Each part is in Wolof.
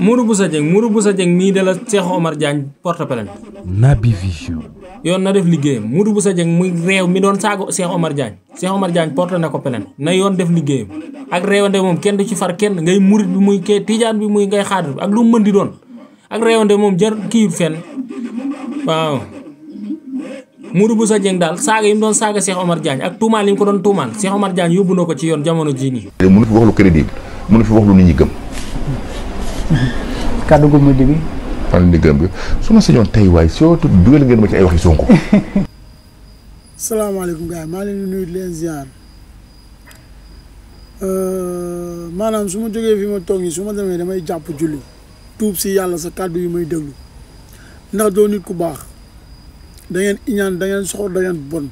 Mourou Boussa Dieng Mourou Boussa Dieng mi de la Cheikh Omar Diagne porte pelen Nabi Vision Yon na def liggéeyam Mourou Boussa Dieng muy rew mi don sago Cheikh Omar Diagne Cheikh Omar Diagne porte na pelen na yon def liguey ak rewande mom kenn du ci far kenn ngay mourid bi muy ke tidiane bi muy ngay xadir ak lu mën di don ak rewande mom jar kiiyut fen waaw muru bu Cheikh Omar Diagne ak tuumaal lim ko don tuumaal Cheikh Omar Diagne yóbbu ko ci yon jamono jini nii. fi wax lu crédible fi wax lu nit ñi gëm kaddu gu mujj bi man ni gëm bi suma sañoon tay way soo tudd dugal ngeen ma ci ay waxi sonko alaykum gaay ma leen nuyu leen ziar euh manam suma joge fi ma togi suma demé damay japp julli tuup si yalla sa kaddu yu may deglu ndax do nit ku baax da ngeen iñaan da ngeen soxor da ngeen bon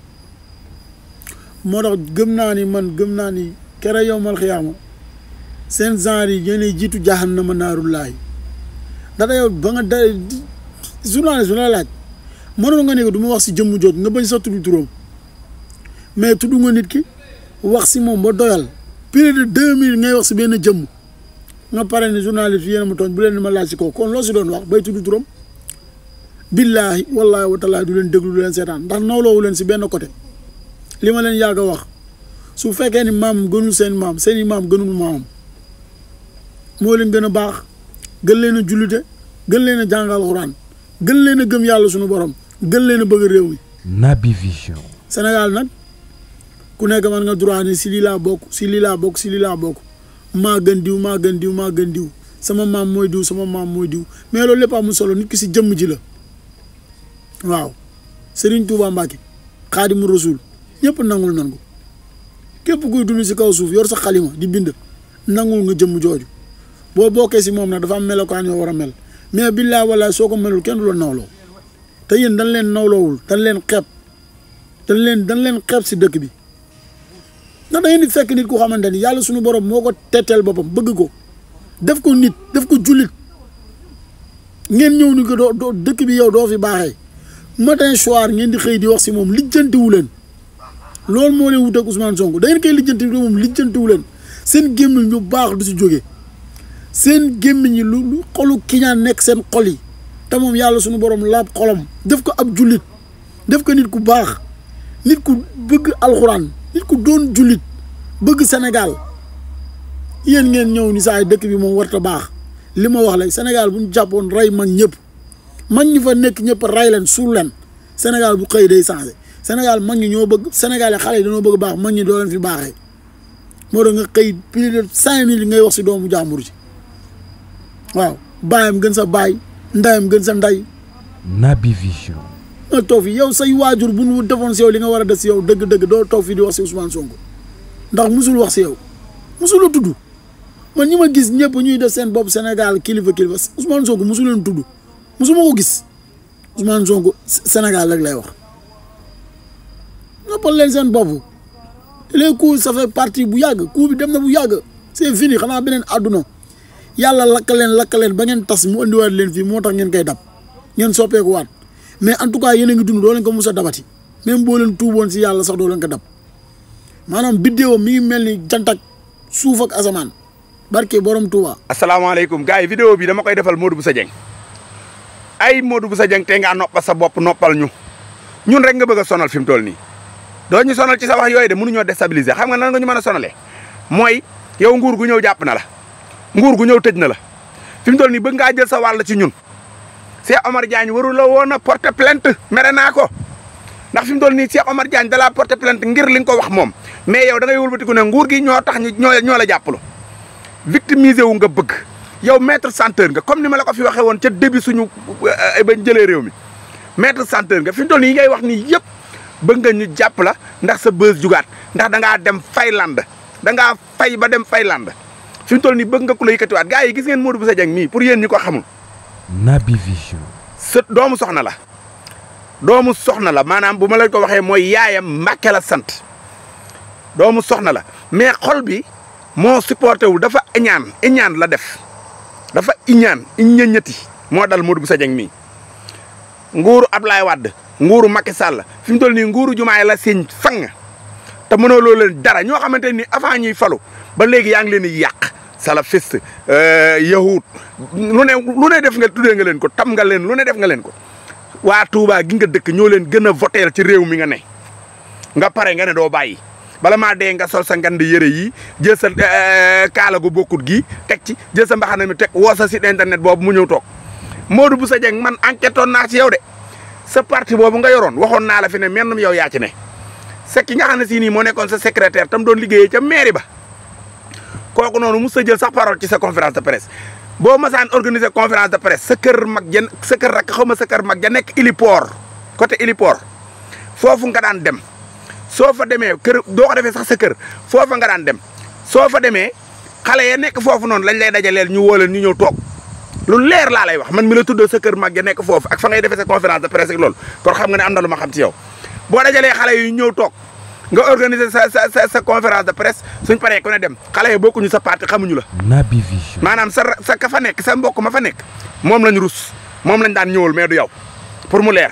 mo tax gëm naani man gëm naani kera yowmal sen zari yi jitu jahan jahannama naaru laay da yow ba nga da journal la laaj mënoon nga ne ko du wax ci jëm jot nga bañ sa tudd turum mais tudd nga nit ki wax ci mom ba doyal plus de 2000 ngay wax ci ben jëm nga pare ne journaliste yene mu togn bu len ma laaj si ko kon lo ci don wax bay tudd turum billahi wallahi wa taala du len deglu du len setan ndax nawloowu leen si benn côté lima ma leen wax su fekkee ni mam gënul sen mam sen mam gënul mam mo leen gëna baax gën leen a jullite gën leen a jàng gën leen a gëm yàlla suñu borom gën leen a bëgg réew mi. nabi Vision. Sénégal nag ku nekk man nga droit ni si lii laa bokk si lii laa bokk si lii laa bokk maa gën diw maa gën diw maa gën diw sama maam mooy diw sama maam mooy diw mais loolu lépp amul solo nit ki si jëmm ji la waaw Serigne Touba Mbacke Xaadimu Rasul ñëpp nangul nan ko képp kuy dund si kaw suuf yor sa xalima di bind nangul nga jëmm jooju. boo bokkee si moom nag dafa am melokaan yoo war a mel mais billaa wala soo ko melul kenn du la nawloo te yéen dañ leen nawloowul dañ leen xeeb dañ leen dañ leen xeeb si dëkk bi ndax da ngeen di fekk nit ku xamante ni yàlla suñu borom moo ko teteel boppam bëgg ko def ko nit def ko jullit ngeen ñëw ni ko doo doo dëkk bi yow doo fi baaxee matin soir ngeen di xëy di wax si moom lijjantiwu leen loolu moo leen wuteeg Ousmane Sonko da ngeen koy lijjanti lijjantiwu leen seen gémmiñ ñu baax du si jóge seen gémmiñ ni lu lu xolu kiñaan nekk seen xol yi te moom yàlla suñu borom laab xolam def ko ab julit def ko nit ku baax nit ku bëgg alxuraan nit ku doon julit bëgg Sénégal yéen ngeen ñëw ni saay dëkk bi moom warta baax li ma wax la Sénégal bu ñu jàppoon rey mag ñëpp mag ñi fa nekk ñëpp rey leen suul leen Sénégal bu xëy day changé Sénégal mag ñi ñoo bëgg Sénégal yi xale yi dañoo bëgg baax mag ñi doo leen fi baaxee moo tax nga xëy plus de cinq ngay wax si doomu jàmbur waaw baayam gën sa baay ndayam gën sa nday Naby Vision. nga toog fi yow say waajur bu nu defoon si yow li nga war a def si yow dëgg-dëgg doo toog fi di wax si Ousmane Sonko ndax musul wax si yow musul la tudd man ñi ma gis ñëpp ñuy def seen bopp Sénégal kilifa kilifa Ousmane Sonko musul leen tudd musuma ko gis Ousmane Sonko Sénégal rek lay wax noppal leen seen bopp les coups ça fait partie bu yàgg coup bi dem na bu yàgg c'est fini xanaa beneen àdduna. yalla lakk leen lakk ba ngeen tas mu indiwaat leen len moo tax ngeen kay dab ngeen soppeeku waat mais en tout cas yéen ngi dund do leen ko musa dabati même boo leen tuuboon ci yalla sax do leen ko dab manam bidéo mi ngi jantak ni ak suuf ak asamaan barke borom Touba. assalamu alaykum gaay vidéo bi dama koy defal Modou sa jeng ay Modou sa Dieng te nga noppal sa bop noppal ñu ñun rek nga bëgg sonal fim mu toll ñu sonal ci sa wax yooyu de mënuñoo déstabiliser xam nga nan nga ñu mëna sonalé moy yow nguur gu ñew japp na la. nguur gu ñëw tëj na la fi mu toll nii bëgg ngaa jël sa wàll ci ñun Cheikh Omar Diagne waru la woon a porter plainte mere naa ko ndax fi mu toll nii Cheikh Omar Diagne dalaa porter plainte ngir li nga ko wax moom mais yow da ngay wëlbatiku ne nguur gi ñoo tax ñu ñoo ñoo la jàppalu victimiser wu nga bëgg yow maître chanteur nga comme ni ma la ko fi waxee woon ca début suñu euh, bañ jëlee réew mi maître chanteur nga fi mu toll nii yi ngay wax nii yëpp bëgg nga ñu jàpp la ndax sa bës jugaat ndax da ngaa dem fay land da ngaa ba dem fay land suñ tol ni bëgg nga kulay katuat gaay yi gis ngeen Modou Bousso jang mi pour yeen ñi xamul. nabi Vision. se doomu soxna la. doomu soxna la manam buma la ko waxe moy yaayam Mbàkke la sant doomu soxna la mais xol bi mo supporté wul dafa iñaan iñaan la def dafa iñaan iññañati mo dal Modou Bousso jang mi nguuru Ablaye wad nguuru Macky Sall fi mu nguuru Jumaay la señ fang. te mënoo loo leen dara ñoo xamante ni avant ñuy falu ba léegi yaa ngi leen di yàq salafiste euh, yahud lu ne lu ne def nga tuddee nga leen ko tam nga leen lu ne def nga leen ko waa Touba gi nga dëkk ñoo leen gën a voteel ci réew mi nga ne nga pare nga ne doo bàyyi bala maa dee nga sol sa ngand yëre yi jël sa euh, kaala gu bokkut gi teg ci jël sa mbaxana mi tek woo sa site internet boobu mu ñëw toog Modou Bousso Dieng man enquête oon naa ci yow de sa parti boobu nga yoroon waxoon naa la fi ne mennum yow yaa ci ne sek ki nga nii moo nekkoon sa secrétaire tam doon liggéeyee ca mairie ba kooku noonu mos a jël sax parole ci sa conférence de presse boo masaan organiser conférence de presse sa kër mag ja sa kër rakk xaw ma sa kër mag ja nekk héliport côté héliport foofu nga daan dem soo fa demee kër doo ko defee sax sa kër foofa nga daan dem soo fa demee xale ya nekk foofu noonu lañ lay dajaleel ñu woo leen ñu ñëw toog lu leer laa lay wax man mi tuddoo sa kër mag ja nekk foofu ak fa ngay defee sa conférence de presse ak loolu kon xam nga ne am na lu ma xam ci yow. bo dajale xalé yu ñew tok nga organiser sa sa sa sa conférence de presse suñu paré ko ne dem xalé yu bokku ñu sa parti xamuñu la. nabi Vision. manam sa sa ka fa nek sa mbokk ma fa nek mom lañu russe mom lañu daan ñewul mais du yow pour mu leer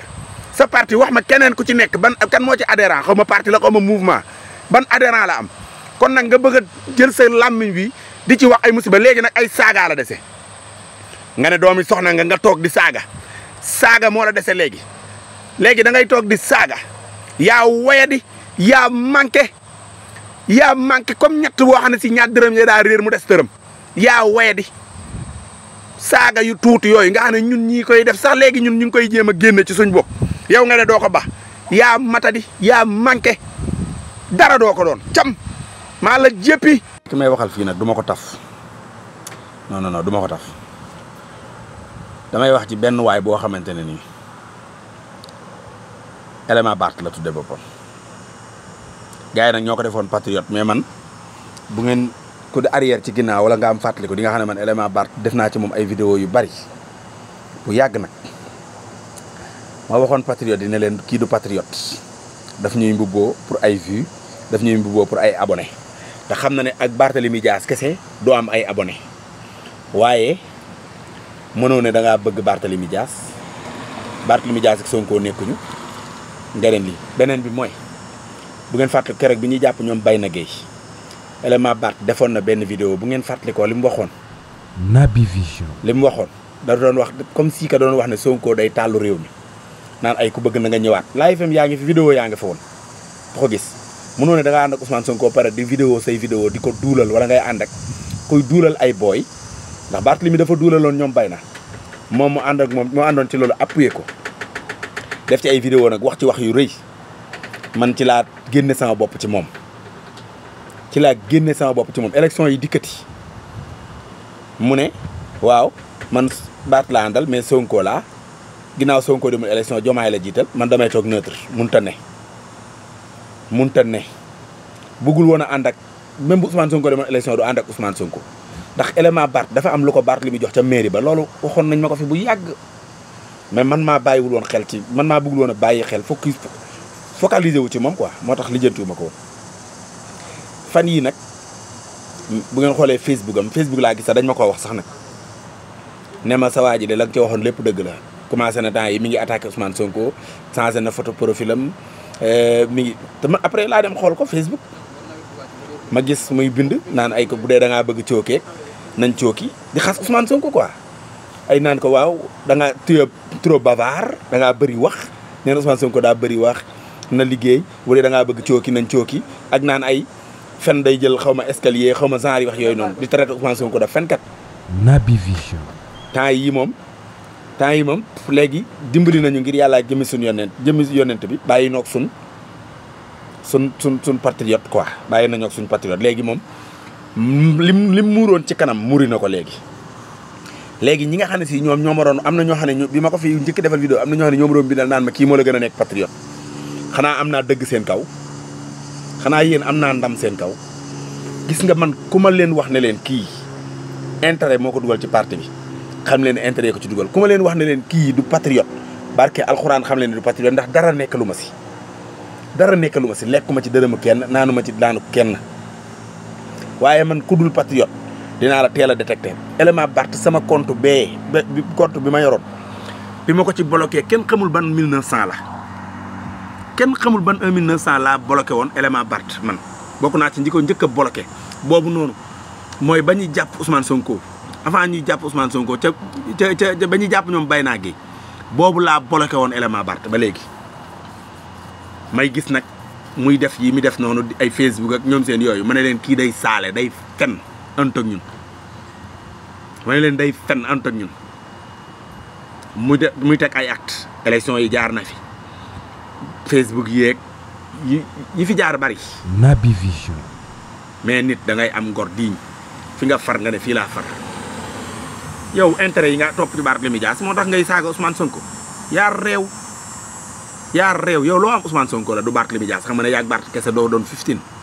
sa parti wax ma keneen ku ci nek ban kan mo ci adhérent xawma parti la xawma mouvement ban adhérent la am kon nak nga bëgg jël sa lamiñ bi di ci wax ay musibe légui nak ay saga la déssé nga né doomi soxna nga nga tok di saga saga mo la déssé légui légui da ngay tok di saga yaa di yaa manqué yaa manqué comme ñett boo xam ne si ñaar dërëm ya daa réer mu des dërëm yaa woyadi saaga yu tuuti yooyu nga xam ne ñun ñii koy def sax léegi ñun ñu ngi koy jéem a génne ci suñ bopp yow nga ne doo ko baax yaa matadi yaa manqué dara doo ko doon cam maa la jéppi ki may waxal fii nag du ko taf non non non ko taf damay wax ci benn waay boo xamante ne nii élément Bart la tudde boppam gars yi nag ñoo ko defoon patriote mais man bu ngeen ku di arrière ci ginnaaw wala nga am ko di nga xam ne man élément Bart def naa ci moom ay vidéo yu bari bu yàgg nag ma waxoon patriote yi ne leen kii du patriote daf ñuy mbubboo pour ay vues daf ñuy mbubboo pour ay abone te xam na ne ak Barthélemy Dias kese doo am ay abonné waaye mënoo ne bëgg ngaa bëgg Barthélemy Dias Barthélemy Dias ak Sonko nekkuñu ndeneen lii beneen bi mooy bu ngeen fàttali keroog bi ñuy jàpp ñoom bay na géey élément baat defoon na benn vidéo bu ngeen fàttalikoo li mu waxoon. Naby Vision. li mu waxoon da doon wax comme si ka doon wax ne Sonko day tàllu réew mi naan ay ku bëgg na nga ñëwaat. laay FM yaa ngi fi vidéo yaa ngi fa woon ba ko gis mënoo ne da ànd ak Ousmane Sonko pare di vidéo say video di ko duulal wala ngay ànd ak kuy duulal ay booy ndax Barthélémy dafa duulaloon ñoom bay na moom mu ànd ak moom àndoon ci loolu appuyé ko. def ci ay vidéo nag wax ci wax yu rëy man ci laa génne sama bopp ci moom ci laa génne sama bopp ci moom élection yi dikkati mu ne waaw man baat laa àndal mais Sonko laa ginnaaw Sonko demul élection jomaay la jiital man damay toog neutre ta ne munta ne buggul woon a ànd ak même bu Ousmane Sonko demoon élection du ànd ak Ousmane Sonko ndax élément Bart dafa am lu ko Bart lu muy jox ca mairie ba loolu waxoon nañ ma ko fi bu yàgg mais man maa bàyyiwul woon xel ci man maa bëggul woon a bàyyi xel focus focaliser wu ci moom quoi moo tax lijjantiwuma ko fan yii nag bu ngeen xoolee Facebook am Facebook laa gis sax dañ ma koo wax sax nag ne ma sa waa ji de la waxoon lépp dëgg la commencé na temps yi mi ngi attaqué Ousmane Sonko changé na photo profil am euh, mi ngi te ma laa dem xool ko Facebook ma gis muy bind naan ay ko bu dee da ngaa bëgg cookee nañ cooki di xas Ousmane Sonko quoi ay naan ko waaw da nga trop bavard da ngaa bëri wax nee na Ousmane ko daa bëri wax na liggéey wala da ngaa bëgg cooki nañ cooki ak naan ay fen day jël xaw ma escalier xaw ma genre wax yooyu noonu di traité Ousmane Sonko daf fenkat bii fii temps yii moom temps yi moom léegi dimbali nañu ngir yàlla jëmi suñ yonent jëmi yonent bi bàyyi noog sun sun sun suñ patriote quoi bàyyi nañoo ak suñ patriote léegi moom lim lim muuroon ci kanam muuri na ko léegi léegi ñi nga xam ne si ñoom ñoo ma am na ñoo xam ne bi ma ko fi njëkk defal vidéo am na ñoo xam ne ñoom doon bindal naan ma kii moo la gën a nekk patriote xanaa am naa dëgg seen kaw xanaa yéen am naa seen kaw gis nga man ku leen wax ne leen kii intérêt moo ko dugal ci parti bi xam leen intérêt ko ci dugal ku leen wax ne leen kii du patriote barke alxuraan xam leen du patriote ndax dara nekk lu ma si dara nekk lu ma si lekkuma ci dërëmu kenn naanu ma ci daanu kenn waaye man ku dul patriote dinaa la teel a détecté élément Bart sama kont bee ba compte bi ma yoroon bi ma ko ci bloqué kenn xamul ban 1900 la kenn xamul ban 1900 la bloqué woon élément Bart man bokk naa ci ñi ko a bloqué boobu noonu mooy ba ñuy jàpp Ousmane Sonko avant ñuy jàpp Ousmane Sonko ca ca ca ba jàpp ñoom bay naa gi boobu laa bloqué woon élément Bart ba léegi may gis nag muy def yi mi def noonu ay Facebook ak ñoom seen yooyu ma ne leen kii day saale day fen ànd ak ñun may leen day fen ànd ak ñun muy de muy ay acte élection yi jaar na fi Facebook yeeg yi fi jaar bari. Naby Vision. mais nit da ngay am ngor diiñ fi nga far nga ne fii laa far yow intérêt yi nga topp ci Barthélémy Dias moo tax ngay saaga Ousmane Sonko yaa réew yaa réew yow loo am Ousmane Sonko la du Barthélémy Dias xam nga ne yaa ak Barth 15.